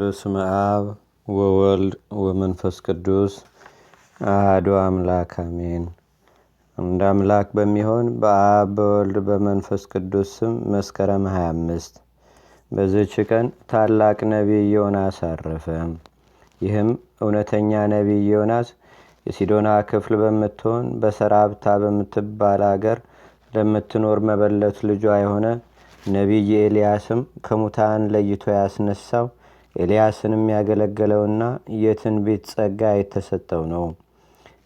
በስመ አብ ወወልድ ወመንፈስ ቅዱስ አህዶ አምላክ አሜን። እንደ አምላክ በሚሆን በአብ በወልድ በመንፈስ ቅዱስ ስም መስከረም 25 በዝች ቀን ታላቅ ነቢይ ዮናስ አረፈ። ይህም እውነተኛ ነቢይ ዮናስ የሲዶና ክፍል በምትሆን በሰራብታ በምትባል አገር ለምትኖር መበለት ልጇ የሆነ ነቢይ ኤልያስም ከሙታን ለይቶ ያስነሳው ኤልያስንም ያገለገለውና የትንቢት ጸጋ የተሰጠው ነው።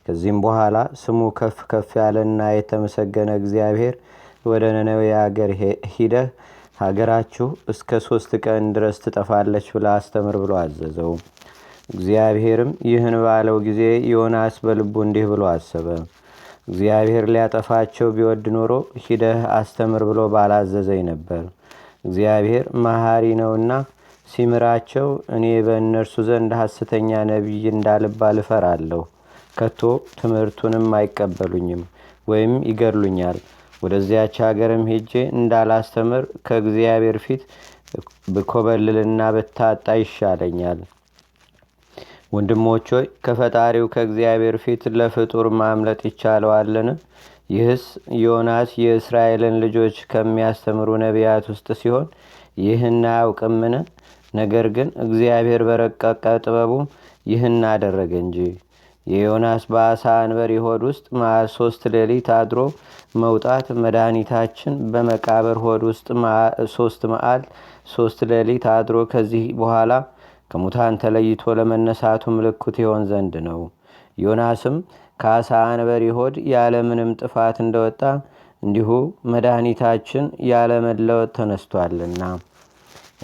ከዚህም በኋላ ስሙ ከፍ ከፍ ያለና የተመሰገነ እግዚአብሔር ወደ ነነዊ አገር ሂደህ ሀገራችሁ እስከ ሶስት ቀን ድረስ ትጠፋለች ብለ አስተምር ብሎ አዘዘው። እግዚአብሔርም ይህን ባለው ጊዜ ዮናስ በልቡ እንዲህ ብሎ አሰበ። እግዚአብሔር ሊያጠፋቸው ቢወድ ኖሮ ሂደህ አስተምር ብሎ ባላዘዘኝ ነበር። እግዚአብሔር መሐሪ ነውና ሲምራቸው እኔ በእነርሱ ዘንድ ሐሰተኛ ነቢይ እንዳልባል እፈራለሁ። ከቶ ትምህርቱንም አይቀበሉኝም ወይም ይገድሉኛል። ወደዚያች ሀገርም ሄጄ እንዳላስተምር ከእግዚአብሔር ፊት ብኮበልልና ብታጣ ይሻለኛል። ወንድሞች ሆይ ከፈጣሪው ከእግዚአብሔር ፊት ለፍጡር ማምለጥ ይቻለዋልን? ይህስ ዮናስ የእስራኤልን ልጆች ከሚያስተምሩ ነቢያት ውስጥ ሲሆን ይህን አያውቅምን? ነገር ግን እግዚአብሔር በረቀቀ ጥበቡ ይህን አደረገ እንጂ የዮናስ በአሳ አንበሪ ሆድ ውስጥ መዓል ሶስት ሌሊት አድሮ መውጣት መድኃኒታችን በመቃብር ሆድ ውስጥ ሶስት መዓል ሶስት ሌሊት አድሮ ከዚህ በኋላ ከሙታን ተለይቶ ለመነሳቱ ምልክት ይሆን ዘንድ ነው። ዮናስም ከአሳ አንበሪ ሆድ ያለምንም ጥፋት እንደወጣ እንዲሁ መድኃኒታችን ያለመለወጥ ተነስቷልና።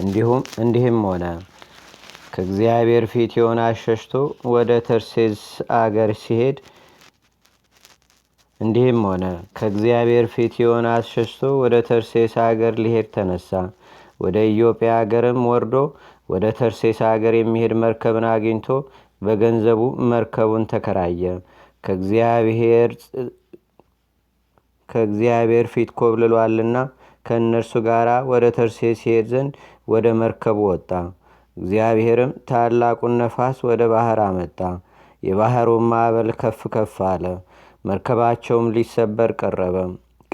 እንዲሁም እንዲህም ሆነ ከእግዚአብሔር ፊት የሆነ አሸሽቶ ወደ ተርሴዝ አገር ሲሄድ እንዲህም ሆነ ከእግዚአብሔር ፊት የሆነ አሸሽቶ ወደ ተርሴስ አገር ሊሄድ ተነሳ። ወደ ኢዮጵያ አገርም ወርዶ ወደ ተርሴስ አገር የሚሄድ መርከብን አግኝቶ በገንዘቡ መርከቡን ተከራየ። ከእግዚአብሔር ፊት ኮብልሏልና ከእነርሱ ጋር ወደ ተርሴስ ሲሄድ ዘንድ ወደ መርከቡ ወጣ። እግዚአብሔርም ታላቁን ነፋስ ወደ ባህር አመጣ። የባህሩን ማዕበል ከፍ ከፍ አለ። መርከባቸውም ሊሰበር ቀረበ።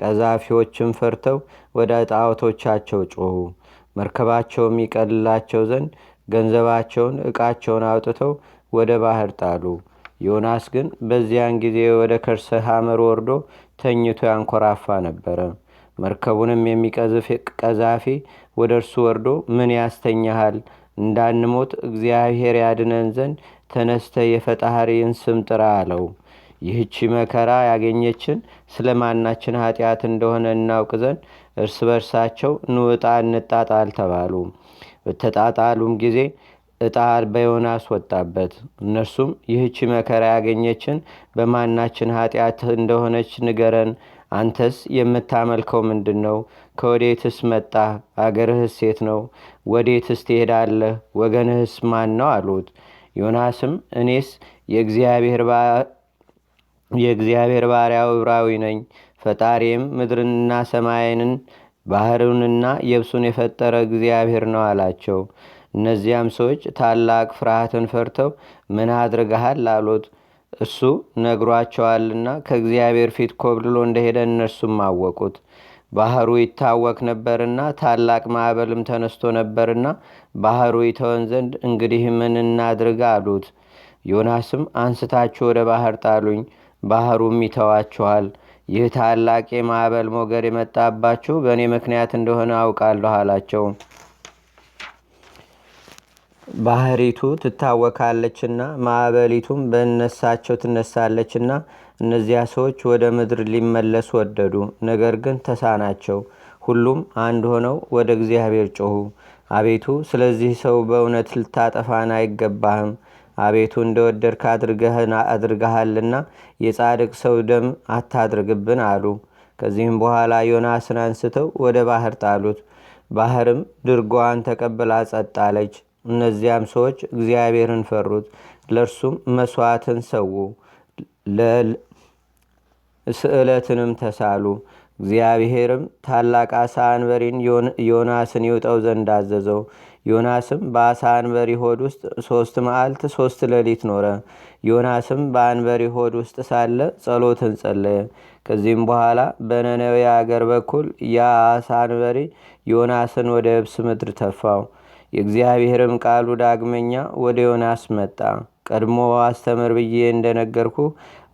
ቀዛፊዎችም ፈርተው ወደ ጣዖቶቻቸው ጮኹ። መርከባቸውም ይቀልላቸው ዘንድ ገንዘባቸውን፣ ዕቃቸውን አውጥተው ወደ ባህር ጣሉ። ዮናስ ግን በዚያን ጊዜ ወደ ከርሰ ሐመር ወርዶ ተኝቶ ያንኮራፋ ነበረ። መርከቡንም የሚቀዝፍ ቀዛፊ ወደ እርሱ ወርዶ ምን ያስተኛሃል እንዳንሞት እግዚአብሔር ያድነን ዘንድ ተነስተ የፈጣሪን ስም ጥራ አለው ይህቺ መከራ ያገኘችን ስለ ማናችን ኃጢአት እንደሆነ እናውቅ ዘንድ እርስ በርሳቸው ንውጣ እንጣጣል ተባሉ በተጣጣሉም ጊዜ እጣር በዮናስ ወጣበት እነርሱም ይህቺ መከራ ያገኘችን በማናችን ኃጢአት እንደሆነች ንገረን አንተስ የምታመልከው ምንድን ነው? ከወዴትስ መጣ? አገርህስ ሴት ነው? ወዴትስ ትሄዳለህ? ወገንህስ ማን ነው አሉት። ዮናስም እኔስ የእግዚአብሔር ባሪያ ዕብራዊ ነኝ። ፈጣሪም ምድርንና ሰማይንን ባህሩንና የብሱን የፈጠረ እግዚአብሔር ነው አላቸው። እነዚያም ሰዎች ታላቅ ፍርሃትን ፈርተው ምን አድርገሃል አሉት። እሱ ነግሯቸዋልና ከእግዚአብሔር ፊት ኮብልሎ እንደሄደ እነርሱም አወቁት። ባህሩ ይታወክ ነበርና ታላቅ ማዕበልም ተነስቶ ነበርና ባህሩ ይተወን ዘንድ እንግዲህ ምን እናድርግ አሉት። ዮናስም አንስታችሁ ወደ ባህር ጣሉኝ፣ ባህሩም ይተዋችኋል። ይህ ታላቅ የማዕበል ሞገድ የመጣባችሁ በእኔ ምክንያት እንደሆነ አውቃለሁ አላቸው። ባህሪቱ ትታወካለችና ማዕበሊቱም በእነሳቸው ትነሳለችና እነዚያ ሰዎች ወደ ምድር ሊመለስ ወደዱ ነገር ግን ተሳናቸው ሁሉም አንድ ሆነው ወደ እግዚአብሔር ጮኹ አቤቱ ስለዚህ ሰው በእውነት ልታጠፋን አይገባህም አቤቱ እንደወደድክ አድርገሃልና የጻድቅ ሰው ደም አታድርግብን አሉ ከዚህም በኋላ ዮናስን አንስተው ወደ ባህር ጣሉት ባህርም ድርጓዋን ተቀብላ ጸጣለች። እነዚያም ሰዎች እግዚአብሔርን ፈሩት፣ ለእርሱም መስዋዕትን ሰዉ፣ ስዕለትንም ተሳሉ። እግዚአብሔርም ታላቅ አሳ አንበሪን ዮናስን ይውጠው ዘንድ አዘዘው። ዮናስም በአሳ አንበሪ ሆድ ውስጥ ሶስት መዓልት ሶስት ሌሊት ኖረ። ዮናስም በአንበሪ ሆድ ውስጥ ሳለ ጸሎትን ጸለየ። ከዚህም በኋላ በነነዌ አገር በኩል ያ አሳ አንበሪ ዮናስን ወደ የብስ ምድር ተፋው። የእግዚአብሔርም ቃሉ ዳግመኛ ወደ ዮናስ መጣ። ቀድሞ አስተምር ብዬ እንደነገርኩ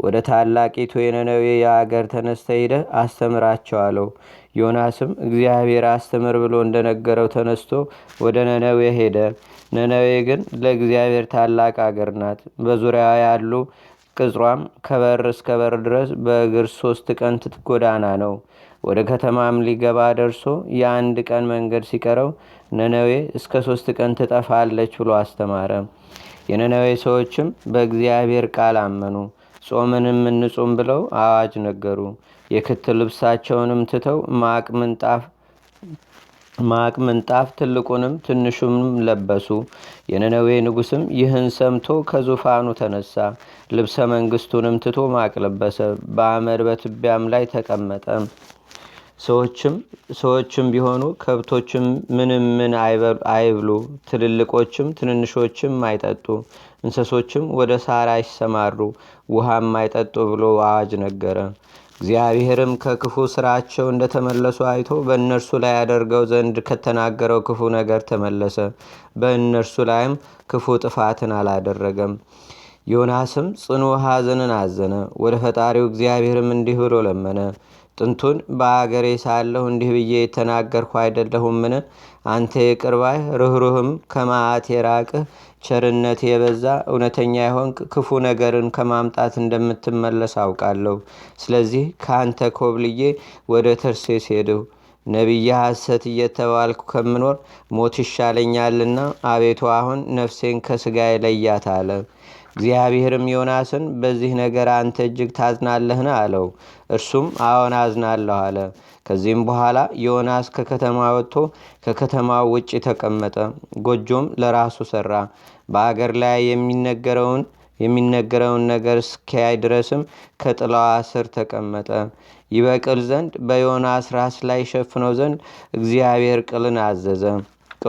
ወደ ታላቂቱ የነነዌ የአገር ተነስተ ሂደ አስተምራቸው አለው። ዮናስም እግዚአብሔር አስተምር ብሎ እንደነገረው ተነስቶ ወደ ነነዌ ሄደ። ነነዌ ግን ለእግዚአብሔር ታላቅ አገር ናት። በዙሪያ ያሉ ቅጽሯም ከበር እስከ በር ድረስ በእግር ሶስት ቀን ትት ነው። ወደ ከተማም ሊገባ ደርሶ የአንድ ቀን መንገድ ሲቀረው ነነዌ እስከ ሶስት ቀን ትጠፋለች ብሎ አስተማረ። የነነዌ ሰዎችም በእግዚአብሔር ቃል አመኑ። ጾምንም እንጹም ብለው አዋጅ ነገሩ። የክት ልብሳቸውንም ትተው ማቅ ምንጣፍ ማቅ ምንጣፍ ትልቁንም ትንሹንም ለበሱ። የነነዌ ንጉስም ይህን ሰምቶ ከዙፋኑ ተነሳ፣ ልብሰ መንግስቱንም ትቶ ማቅ ለበሰ፣ በአመድ በትቢያም ላይ ተቀመጠ። ሰዎችም ሰዎችም ቢሆኑ ከብቶችም ምንም ምን አይብሉ፣ ትልልቆችም ትንንሾችም አይጠጡ፣ እንስሶችም ወደ ሳር አይሰማሩ፣ ውሃም አይጠጡ ብሎ አዋጅ ነገረ። እግዚአብሔርም ከክፉ ስራቸው እንደተመለሱ አይቶ በእነርሱ ላይ ያደርገው ዘንድ ከተናገረው ክፉ ነገር ተመለሰ። በእነርሱ ላይም ክፉ ጥፋትን አላደረገም። ዮናስም ጽኑ ሐዘንን አዘነ። ወደ ፈጣሪው እግዚአብሔርም እንዲህ ብሎ ለመነ። ጥንቱን በአገሬ ሳለሁ እንዲህ ብዬ የተናገርኩ አይደለሁምን? አንተ የቅርባይ ባይ ርኅሩህም ከማአት የራቅህ ቸርነት የበዛ እውነተኛ የሆንክ ክፉ ነገርን ከማምጣት እንደምትመለስ አውቃለሁ። ስለዚህ ከአንተ ኮብልዬ ወደ ተርሴስ ሄድሁ። ነቢይ ሐሰት እየተባልኩ ከምኖር ሞት ይሻለኛልና አቤቱ አሁን ነፍሴን ከስጋዬ ለያት አለ። እግዚአብሔርም ዮናስን በዚህ ነገር አንተ እጅግ ታዝናለህን? አለው። እርሱም አዎን አዝናለሁ አለ። ከዚህም በኋላ ዮናስ ከከተማ ወጥቶ ከከተማው ውጭ ተቀመጠ። ጎጆም ለራሱ ሰራ። በአገር ላይ የሚነገረውን የሚነገረውን ነገር እስኪያይ ድረስም ከጥላዋ ስር ተቀመጠ። ይበቅል ዘንድ በዮናስ ራስ ላይ ሸፍነው ዘንድ እግዚአብሔር ቅልን አዘዘ።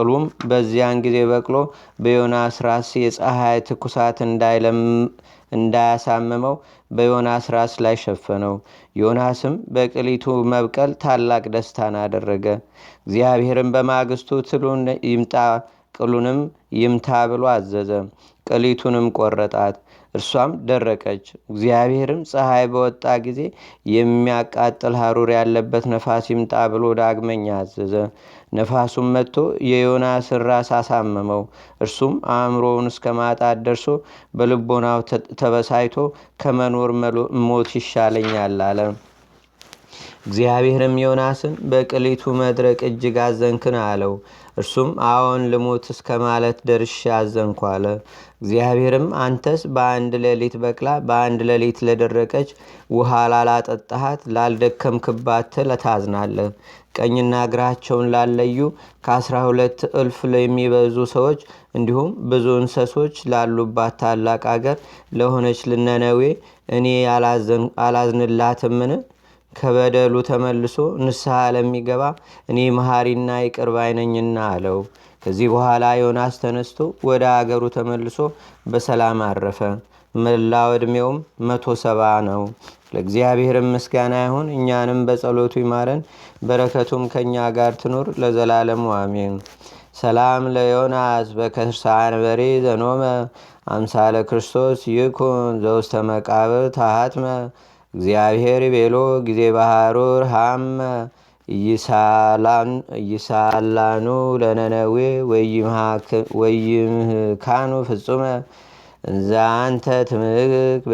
ቅሉም በዚያን ጊዜ በቅሎ በዮናስ ራስ የፀሐይ ትኩሳት እንዳያሳምመው በዮናስ ራስ ላይ ሸፈነው። ዮናስም በቅሊቱ መብቀል ታላቅ ደስታን አደረገ። እግዚአብሔርም በማግስቱ ትሉን ይምጣ ቅሉንም ይምታ ብሎ አዘዘ። ቅሊቱንም ቆረጣት፣ እርሷም ደረቀች። እግዚአብሔርም ፀሐይ በወጣ ጊዜ የሚያቃጥል ሐሩር ያለበት ነፋስ ይምጣ ብሎ ዳግመኛ አዘዘ። ነፋሱም መጥቶ የዮናስ ራስ አሳመመው። እርሱም አእምሮውን እስከ ማጣት ደርሶ በልቦናው ተበሳይቶ ከመኖር ሞት ይሻለኛል አለ። እግዚአብሔርም ዮናስን በቅሊቱ መድረቅ እጅግ አዘንክን አለው። እርሱም አዎን ልሙት እስከ ማለት ደርሼ አዘንኳለ እግዚአብሔርም አንተስ በአንድ ሌሊት በቅላ በአንድ ሌሊት ለደረቀች ውሃ ላላጠጣሃት ክባት ለታዝናለ ቀኝና እግራቸውን ላለዩ ከአስራ ሁለት እልፍ ለሚበዙ ሰዎች እንዲሁም ብዙ እንሰሶች ላሉባት ታላቅ አገር ለሆነች ልነነዌ እኔ አላዝንላትምን? ከበደሉ ተመልሶ ንስሐ ለሚገባ እኔ መሐሪና ይቅር ባይነኝና አለው። ከዚህ በኋላ ዮናስ ተነስቶ ወደ አገሩ ተመልሶ በሰላም አረፈ። መላው ዕድሜውም መቶ ሰባ ነው። ለእግዚአብሔር ምስጋና ይሁን። እኛንም በጸሎቱ ይማረን፣ በረከቱም ከእኛ ጋር ትኑር ለዘላለሙ አሜን። ሰላም ለዮናስ በከርሳን በሬ ዘኖመ አምሳለ ክርስቶስ ይኩን ዘውስተ መቃብር ታሃትመ እግዚአብሔር ቤሎ ጊዜ ባህሩር ሃም ይሳላኑ ለነነዌ ወይምካኑ ፍጹመ እንዛንተ ትምግክ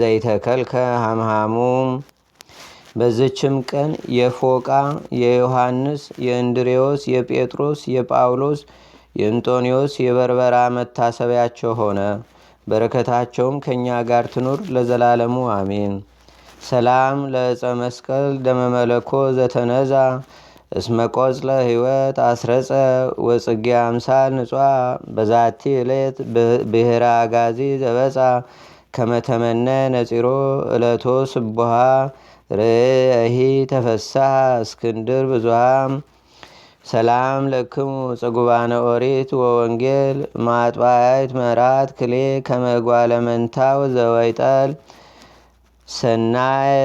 ዘይተከልከ ሃምሃሙ በዝችም ቀን የፎቃ የዮሐንስ የእንድሬዎስ የጴጥሮስ የጳውሎስ የእንጦኒዎስ የበርበራ መታሰቢያቸው ሆነ። በረከታቸውም ከእኛ ጋር ትኑር ለዘላለሙ አሜን። ሰላም ለእፀ መስቀል ደመመለኮ ዘተነዛ እስመ ቆጽለ ሕይወት አስረጸ ወጽጌ አምሳል ንጿ በዛቲ ዕለት ብሔራ አጋዚ ዘበፃ ከመተመነ ነፂሮ እለቶ ስቡሃ ርእሂ ተፈሳሃ እስክንድር ብዙሃም ሰላም ለክሙ ጽጉባነ ኦሪት ወወንጌል ማጥባያት መራት ክሌ ከመጓለ መንታው ዘወይጠል ሰናየ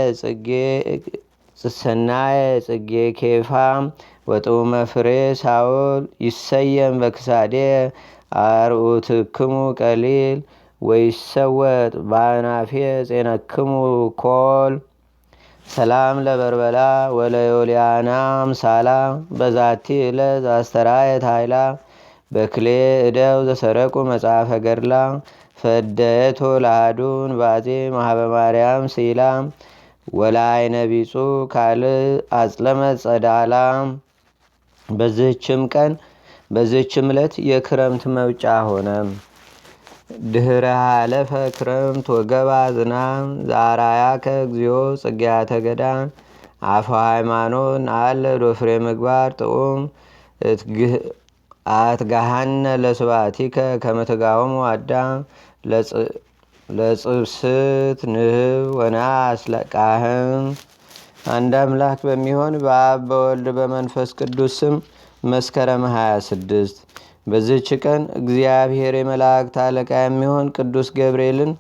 ጽጌ ኬፋ ወጥዑመ ፍሬ ሳውል ይሰየም በክሳዴ ትክሙ ቀሊል ወይሰወጥ ባናፌ ጼነክሙ ኮል ሰላም ለበርበላ ወለዮልያና አምሳላ በዛቲ ዕለት አስተራየት ኃይላ በክሌ እደው ዘሰረቁ መጽሐፈ ገድላ ፈደየቶ ለሃዱን ባዜ ማርያም ሲላ ወላይ ቢጹ ካል አጽለመ ጸዳላ በዝህችም ቀን በዝህችም ዕለት የክረምት መውጫ ሆነ። ድህረ ሃለፈ ክረምት ወገባ ዝናም ዛራያ ከእግዚኦ ጽጌያተ ገዳም አፈ ሃይማኖት ናአለ ዶፍሬ ምግባር ጥዑም አትጋሃነ ለስባቲከ ከመትጋወሙ አዳም ለጽብስት ንህብ ወናስ ለቃህም አንድ አምላክ በሚሆን በአብ በወልድ በመንፈስ ቅዱስ ስም መስከረም 26 በዚህች ቀን እግዚአብሔር የመላእክት አለቃ የሚሆን ቅዱስ ገብርኤልን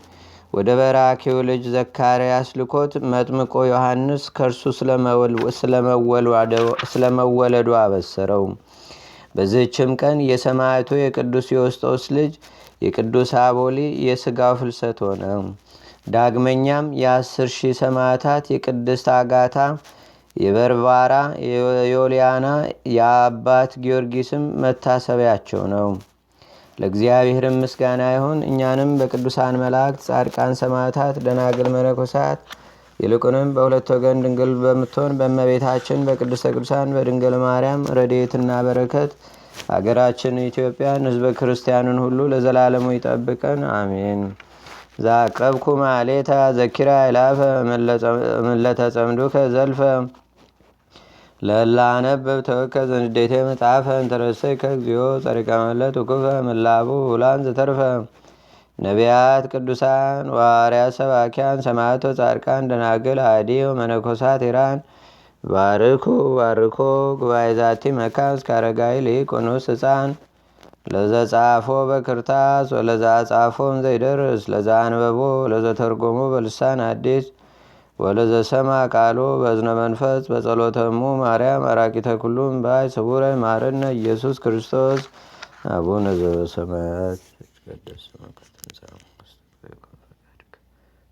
ወደ በራኪው ልጅ ዘካርያስ ልኮት መጥምቆ ዮሐንስ ከእርሱ ስለመወለዱ አበሰረው። በዚህችም ቀን የሰማዕቱ የቅዱስ የወስጦስ ልጅ የቅዱስ አቦሊ የሥጋው ፍልሰት ሆነ። ዳግመኛም የአስር ሺህ ሰማዕታት የቅድስት አጋታ የበርባራ የዮልያና የአባት ጊዮርጊስም መታሰቢያቸው ነው። ለእግዚአብሔርም ምስጋና ይሁን። እኛንም በቅዱሳን መላእክት፣ ጻድቃን፣ ሰማዕታት፣ ደናግል፣ መነኮሳት ይልቁንም በሁለት ወገን ድንግል በምትሆን በመቤታችን በቅዱሰ ቅዱሳን በድንግል ማርያም ረድኤትና በረከት አገራችን ኢትዮጵያን ህዝበ ክርስቲያንን ሁሉ ለዘላለሙ ይጠብቀን፣ አሜን። ዛቀብኩ ማሌታ ዘኪራ ይላፈ ምለተጸምዱከ ዘልፈ ለላነበብ ተወከ ዘንዴተ መጽሐፈ እንተረሰይ ከእግዚኦ ጸሪቀመለት ውኩፈ ምላቡ ውላን ዘተርፈ ነቢያት፣ ቅዱሳን፣ ዋርያ ሰባኪያን፣ ሰማቶ ጻድቃን፣ ደናግል፣ አዲ መነኮሳት ኢራን ባርኩ ባርኮ ጉባኤ ዛቲ መካን እስከ አረጋዊ ሊቁኑስ ህፃን ለዘጻፎ በክርታስ ወለዛ ጻፎም ዘይደርስ ለዛ አንበቦ ለዘተርጎሞ በልሳን አዲስ ወለዘሰማ ቃሎ በዝነ መንፈስ በጸሎተሙ ማርያም አራቂተ ኩሉም ባይ ስቡረ ማርነ ኢየሱስ ክርስቶስ አቡነ ዘበሰማያት ይትቀደስ